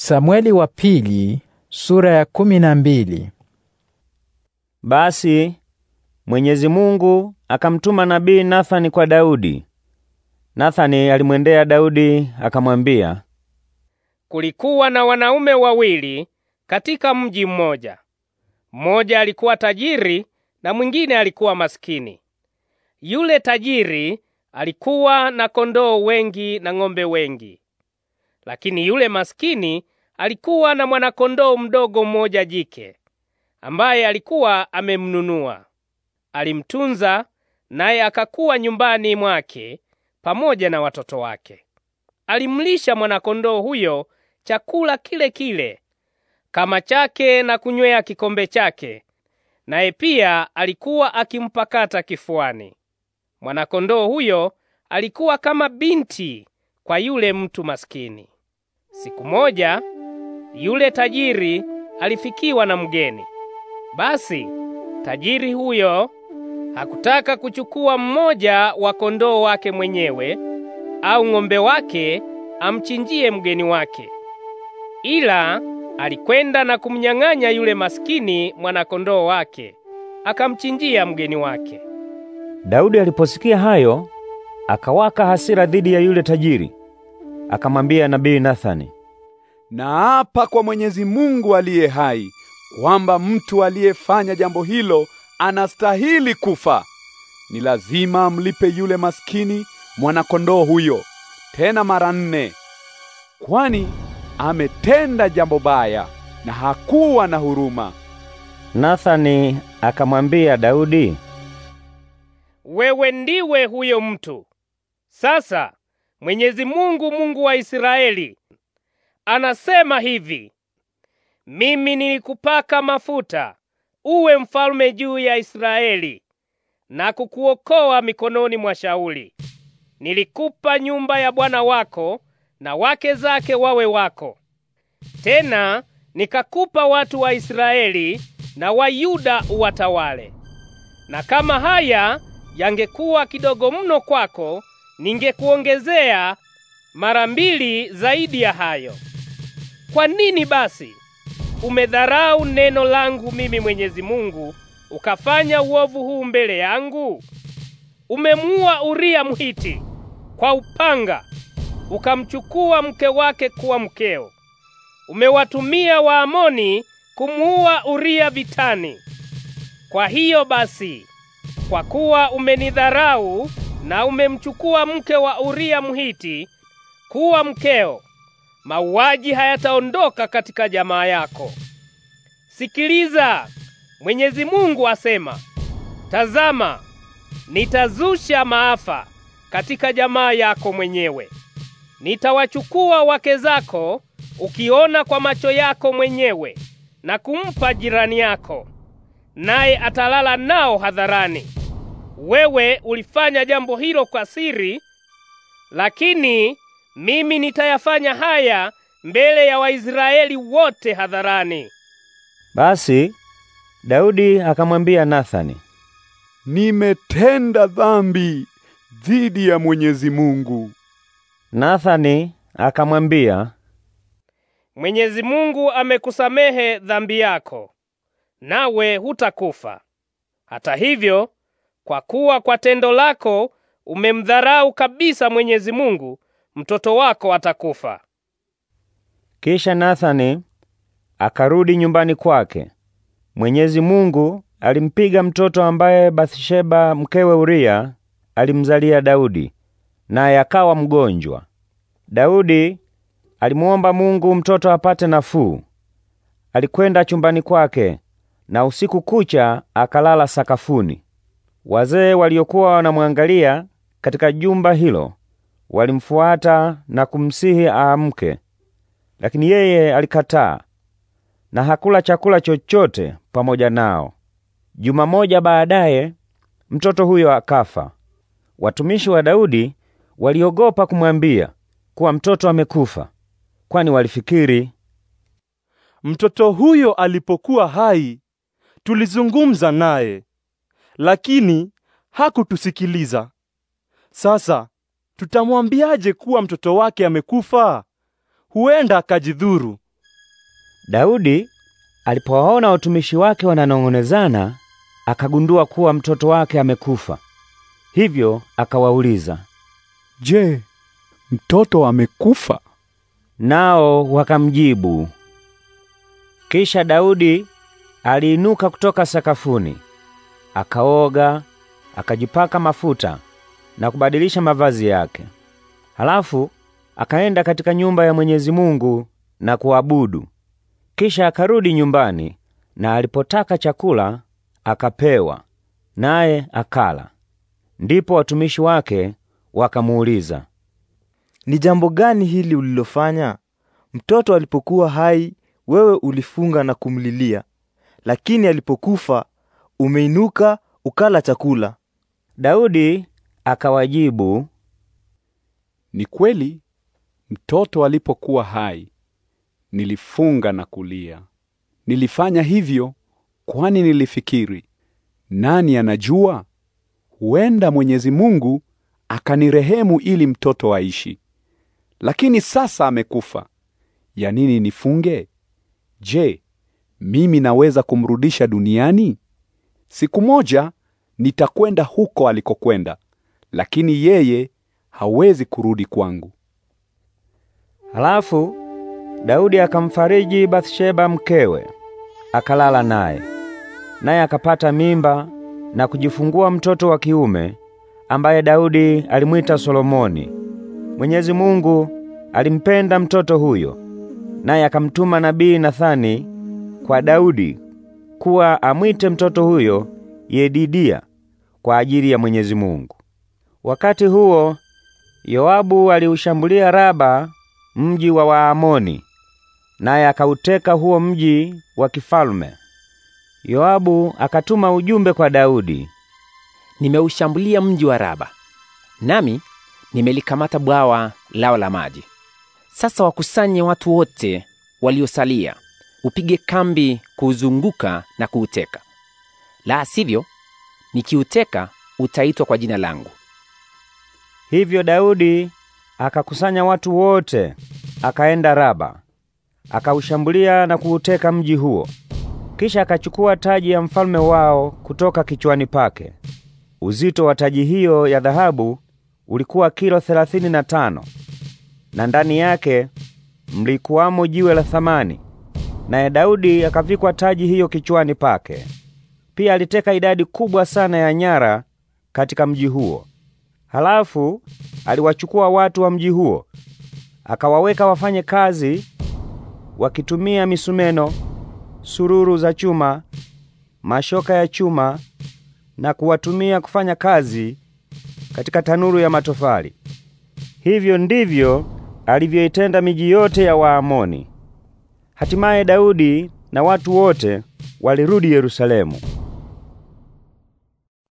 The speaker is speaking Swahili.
Samueli wa pili sura ya kumi na mbili. Basi Mwenyezi Mungu akamtuma nabii Nathani kwa Daudi. Nathani alimwendea Daudi akamwambia, kulikuwa na wanaume wawili katika mji mmoja, mmoja alikuwa tajiri na mwingine alikuwa maskini. Yule tajiri alikuwa na kondoo wengi na ng'ombe wengi lakini yule maskini alikuwa na mwanakondoo mdogo mmoja jike ambaye alikuwa amemnunua. Alimtunza naye akakuwa nyumbani mwake pamoja na watoto wake. Alimlisha mwanakondoo huyo chakula kile kile kama chake na kunywea kikombe chake, naye pia alikuwa akimpakata kifuani. Mwanakondoo huyo alikuwa kama binti kwa yule mtu maskini. Siku moja yule tajiri alifikiwa na mgeni. Basi tajiri huyo hakutaka kuchukua mmoja wa kondoo wake mwenyewe au ng'ombe wake amchinjie mgeni wake, ila alikwenda na kumnyang'anya yule maskini mwanakondoo wake akamchinjia mgeni wake. Daudi aliposikia hayo akawaka hasira dhidi ya yule tajiri, akamwambia nabii Nathani, Naapa kwa Mwenyezi Mungu aliye hai kwamba mtu aliyefanya jambo hilo anastahili kufa. Ni lazima mlipe yule maskini mwanakondoo huyo tena mara nne, kwani ametenda jambo baya na hakuwa na huruma. Nathani akamwambia Daudi, wewe ndiwe huyo mtu. Sasa Mwenyezi Mungu, Mungu wa Israeli anasema hivi: mimi nilikupaka mafuta uwe mfalme juu ya Israeli na kukuokoa mikononi mwa Shauli. Nilikupa nyumba ya bwana wako na wake zake wawe wako. Tena nikakupa watu wa Israeli na wa Yuda uwatawale. Na kama haya yangekuwa kidogo mno kwako, ningekuongezea mara mbili zaidi ya hayo. Kwa nini basi umedharau neno langu mimi Mwenyezi Mungu ukafanya uovu huu mbele yangu? Umemuua Uria Mhiti kwa upanga, ukamchukua mke wake kuwa mkeo. Umewatumia Waamoni kumuua Uria vitani. Kwa hiyo basi, kwa kuwa umenidharau na umemchukua mke wa Uria Mhiti kuwa mkeo, mauaji hayataondoka katika jamaa yako. Sikiliza, Mwenyezi Mungu asema, tazama, nitazusha maafa katika jamaa yako mwenyewe. Nitawachukua wake zako ukiona kwa macho yako mwenyewe na kumpa jirani yako, naye atalala nao hadharani. Wewe ulifanya jambo hilo kwa siri, lakini mimi nitayafanya haya mbele ya Waisraeli wote hadharani. Basi Daudi akamwambia Nathani, nimetenda dhambi dhidi ya Mwenyezi Mungu. Nathani akamwambia, Mwenyezi Mungu amekusamehe dhambi yako, nawe hutakufa. Hata hivyo, kwa kuwa kwa tendo lako umemdharau kabisa Mwenyezi Mungu, mtoto wako atakufa. Kisha Nathani akarudi nyumbani kwake. Mwenyezi Mungu alimpiga mtoto ambaye Bathsheba mkewe Uria alimzalia Daudi, naye akawa mgonjwa. Daudi alimuomba Mungu mtoto apate nafuu. Alikwenda chumbani kwake na usiku kucha akalala sakafuni. Wazee waliokuwa wanamwangalia katika jumba hilo walimfuata na kumsihi aamke, lakini yeye alikataa na hakula chakula chochote pamoja nao. Juma moja baadaye mtoto huyo akafa. Watumishi wa Daudi waliogopa kumwambia kuwa mtoto amekufa, kwani walifikiri mtoto huyo alipokuwa hai tulizungumza naye, lakini hakutusikiliza. Sasa Tutamwambiaje kuwa mtoto wake amekufa? Huenda akajidhuru. Daudi alipowaona watumishi wake wananong'onezana, akagundua kuwa mtoto wake amekufa. Hivyo akawauliza, "Je, mtoto amekufa?" Nao wakamjibu. Kisha Daudi aliinuka kutoka sakafuni, akaoga, akajipaka mafuta na kubadilisha mavazi yake. Halafu akaenda katika nyumba ya Mwenyezi Mungu na kuabudu. Kisha akarudi nyumbani, na alipotaka chakula akapewa, naye akala. Ndipo watumishi wake wakamuuliza, ni jambo gani hili ulilofanya? Mtoto alipokuwa hai, wewe ulifunga na kumlilia, lakini alipokufa, umeinuka ukala chakula. Daudi Akawajibu, ni kweli, mtoto alipokuwa hai nilifunga na kulia. Nilifanya hivyo kwani nilifikiri, nani anajua, huenda Mwenyezi Mungu akanirehemu ili mtoto aishi. Lakini sasa amekufa, ya nini nifunge? Je, mimi naweza kumrudisha duniani? Siku moja nitakwenda huko alikokwenda lakini yeye hawezi kurudi kwangu. Halafu Daudi akamfariji Bathsheba mkewe, akalala naye, naye akapata mimba na kujifungua mtoto wa kiume ambaye Daudi alimwita Solomoni. Mwenyezi Mungu alimpenda mtoto huyo, naye akamtuma nabii Nathani kwa Daudi kuwa amwite mtoto huyo Yedidia kwa ajili ya Mwenyezi Mungu. Wakati huo Yoabu aliushambulia Raba, mji wa Waamoni, naye akauteka huo mji wa kifalme. Yoabu akatuma ujumbe kwa Daudi, nimeushambulia mji wa Raba, nami nimelikamata bwawa lao la maji. Sasa wakusanye watu wote waliosalia, upige kambi kuuzunguka na kuuteka, la sivyo nikiuteka utaitwa kwa jina langu. Hivyo Daudi akakusanya watu wote, akaenda Raba, akaushambulia na kuuteka mji huo. Kisha akachukua taji ya mfalme wao kutoka kichwani pake. Uzito wa taji hiyo ya dhahabu ulikuwa kilo thelathini na tano na ndani yake mlikuwamo jiwe la thamani. Naye Daudi akavikwa taji hiyo kichwani pake. Pia aliteka idadi kubwa sana ya nyara katika mji huo. Halafu aliwachukua watu wa mji huo akawaweka wafanye kazi wakitumia misumeno, sururu za chuma, mashoka ya chuma na kuwatumia kufanya kazi katika tanuru ya matofali. Hivyo ndivyo alivyoitenda miji yote ya Waamoni. Hatimaye Daudi na watu wote walirudi Yerusalemu.